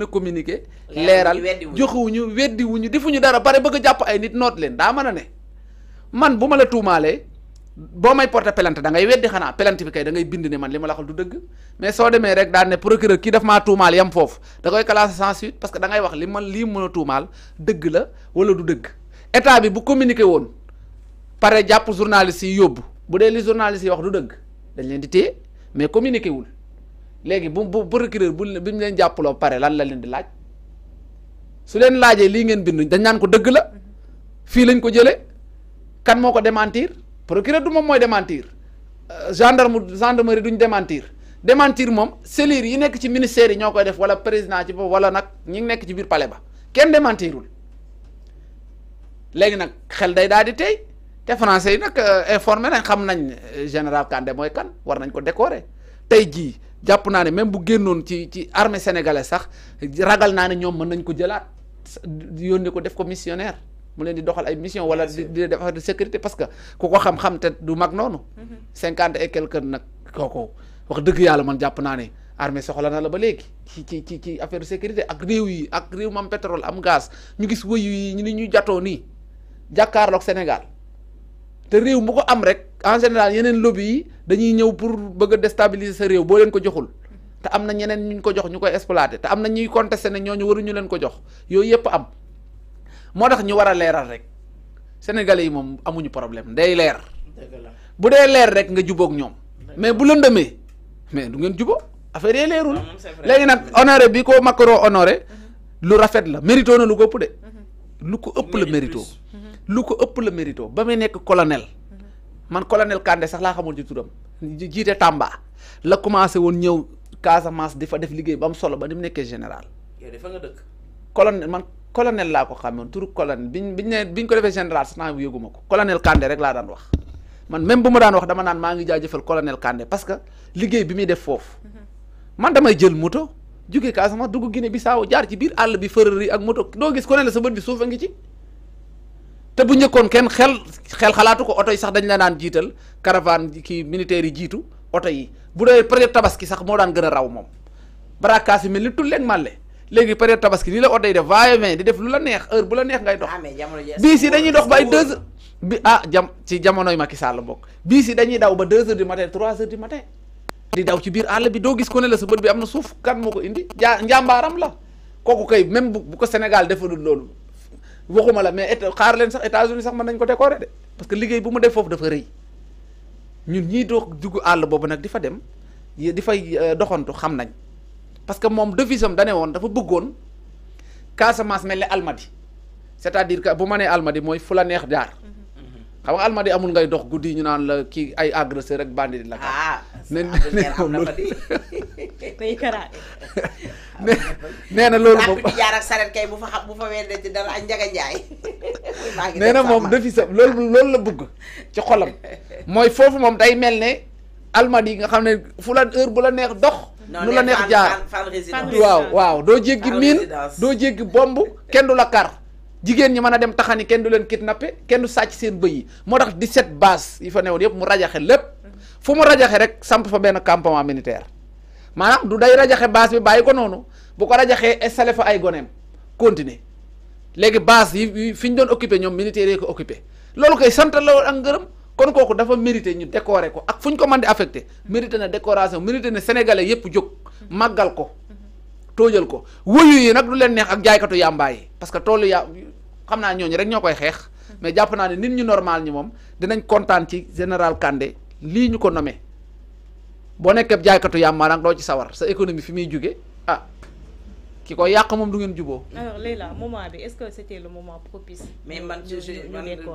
na communiqué leeral joxuwuñu weddiwuñu defuñu dara pare bëgg jàpp ay nit noot leen daa mën a ne man bu ma la tuumaalee boo may porter plainte da ngay weddi xanaa plainte bi kay da ngay bind ne man li ma la xal du dëgg mais soo demee rek daan ne procureur kii daf maa tuumaal yam foofu da koy classé sans suite parce que da wax li man lii mën a tuumaal dëgg la wala du dëgg état bi bu communiqué woon pare jàpp journaliste yi yóbbu bu dee li journaliste yi wax du dëgg dañ leen di téye mais communiqué wul léegi bu bu procureur bu bi mu leen jàppaloo pare lan la leen di laaj su leen laajee lii ngeen bindu dañ naan ko dëgg la fii lañ ko jëlee kan moo ko démentir procureur du moom mooy démentir euh, gendarme gendarmerie duñ démentir démentir moom cellules yi nekk ci ministère yi ñoo koy def wala président ci bopp wala nag ñi nekk ci biir pale ba kenn démentirul léegi nag xel day daal di tey te français yi nag euh, informé nañ xam nañ euh, général Kandé mooy kan war nañ ko décorer tey jii. japp naa ne même bu génnoon ci ci armée sénégalaise sax ragal naa ne ñoom mën nañ ko jëlaat yónnee ko def ko missionnaire mu leen di doxal ay mission wala di di def de sécurité parce que ku ko xam-xam te du mag noonu. Mhm. cinquante et quelques nag kooku wax dëgg yàlla man jàpp naa ne armée soxla na la ba léegi ci ci ci ci affaire sécurité ak réew yi ak réew mam pétrole am gaz ñu gis wëyu yi ñu ni ñu jatoo nii jàkkaarloog Sénégal te réew mu ko am rek. en général yeneen lobby yi dañuy ñëw pour bëgg a sa réew boo leen ko joxul te am na ñeneen ñu ko jox ñu koy exploité te am na ñuy contesté ne ñooñu waruñu leen ko jox yooyu yëpp am moo tax ñu war a leeral rek sénégalais yi moom amuñu problème day leer. bu dee leer rek nga jubook ñoom. mais bu lëndëmee mais du ngeen jubóo affaire leeru la léegi nag honoré bi ko Macron honoré mm-hmm. lu rafet la mérito na lu ko ëpp de. Mm-hmm. lu ko ëpp la mérito. Mm-hmm. ko ëpp la mérito ba muy nekk colonel. man colonel Kandé sax laa xamul ci turam jiite Tamba la commencé woon ñëw Casamance di fa def liggéey ba mu solo ba ni mu nekkee général. yow de fa nga dëkk. colonel man colonel laa ko xamoon turu colonel biñ biñ ne biñ ko defee général sax naa yëguma ko colonel Kandé rek laa daan wax man même bu ma daan wax dama maa ngi jaajëfal colonel Kandé parce que liggéey bi muy def foofu. Mm-hmm. man damay jël moto jóge Casamance dugg Guinée Bissau jaar ci biir àll bi fërëri ak moto doo gis colonel sa bët bi suuf a ngi ci. te bu njëkkoon kenn xel xel xalaatu ko oto yi sax dañ la naan jiital caravane ki militaires yi jiitu oto yi bu dee période tabaski sax moo daan gën a raw moom barakaas yi mel ni tulleeg màlle léegi période tabaski nii la oto yi def va et di def lu la neex heure bu la neex ngay dox ah, bii si dañuy dox ba ay deux bi ah jam ci jamonoy Macky Sall bokk bii si dañuy daw ba deux heures du matin trois heures du matin di daw ci biir àll bi doo gis ko ne la sa bët bi am na suuf kan moo ko indi jaa njàmbaaram la kooku kay même bu ko Sénégal defalul loolu waxuma la mais xaar leen sax États-Unis sax man nañ ko décorer de parce que liggéey bu mu def foofu dafa rëy ñun ñii doog dugg àll boobu nag di fa dem di fay doxantu xam nañ parce que moom devise am dane dafa bëggoon Casamance mel Almadi c'est-à-dire que bu ma Almadi mooy fu la neex jaar xam nga Almadi amul ngay dox guddi ñu naan la kii ay agresseur rek bandit la. ah ne ne ko nee na loolu moom jaar ak bu fa xam bu fa weddee ci dara ak njaga njaay nee na moom defi sa loolu loolu la bugg ci xolam mooy foofu moom day mel ne almadi yi nga xam ne fu la heure bu la neex dox lu la neex jaar waaw waaw doo jéggi miin doo jéggi bomb kenn du la kar jigéen ñi mën a dem taxani kenn du leen kidnappé kenn du sàcc seen bëy yi moo tax di set base yi fa newoon yépp mu rajaxe lépp fu mu rajaxe rek samp fa benn campement militaire maanaam du day rajaxe baas bi bàyyi ko noonu bu ko rajaxee installé fa ay goneem continuer léegi baas yi fi ñu doon occupé ñoom militaires yi ko occupé loolu koy sant la woon ak ngërëm kon kooku dafa mérité ñu décorer ko ak fu ñu ko mën di affecté mérité na décoration mérité na sénégalais yëpp jóg màggal ko toojal ko wuyu yi nag du leen neex ak jaaykatu yàmbaay yi parce que toolu ya xam naa ñooñu rek ñoo koy xeex mais jàpp naa ne nit ñu normal ñi moom dinañ kontaan ci général Kandé lii ñu ko nommé boo nekkee jaaykatu yàmmaaraan do ci sawar sa économie fi mi jóge ah kiko yak mom moom du ngeen juboo. alors Leila moment bi est-ce que c'était le moment propice. mais man je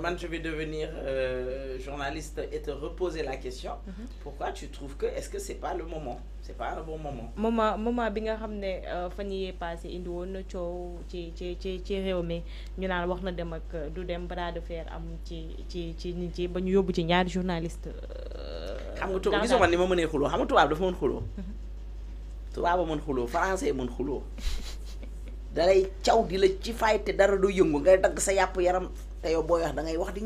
man je vais devenir euh, journaliste et te reposer la question. Mhm. pourquoi tu trouves que est-ce que c'est pas le moment c'est pas le bon moment. moment moment bi nga xamné ne euh, fan passé indi won na coow ci ci ci ci réew mi ñu naan wax na dem ak du dem bras de fer am ci ci ci nit yi ba ñu ci ñaar journaliste euh, xam nga tubaab gisoo man ni ma mënee xuloo xam nga tubaab dafa mën xuloo tubaaba mën xuloo français mën xuloo dalay caw di la ci fay te dara du yëngu ngay dagg sa yàpp yaram te yow booy wax da ngay wax di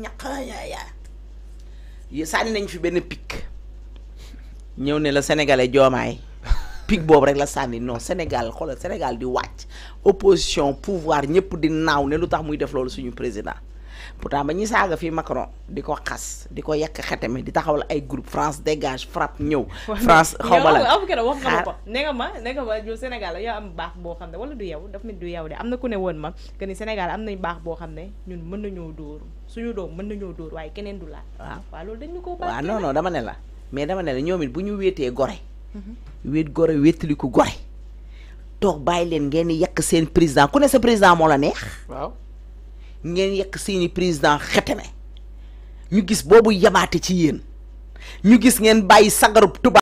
ya yaa sànni nañ fi benn pic ñëw ne la sénégalais joomaay pic boobu rek la sànni non Sénégal xoolal Sénégal di wàcc opposition pouvoir ñëpp di naaw ne lu tax muy def loolu suñu président. pourtant ba ñuy saaga fi Macron di ko xas di ko yekk xeteme di taxawal ay group France dégage frappe ñëw. France xaw ma la yow am wax nga ko ne ma ne nga ma yow Sénégal la yow am baax boo xam ne wala du yow daf mit du yow de am na ku ne woon ma que ni Sénégal am nañ baax boo xam ne ñun mën nañoo dóor suñu doom mën nañoo dóor waaye keneen du laal. waaw loolu dañ ko baax. waaw non dama ne la mais dama ne la ñoom it bu ñu wéetee gore. Mhm. wéet gore wéetali ko gore. toog bàyyi leen ngeen yekk seen président ku ne sa président moo la neex. ngeen yekk seeni président xeteme ñu gis boobu yamaate ci yéen ñu gis ngeen bàyyi sagarub tubaab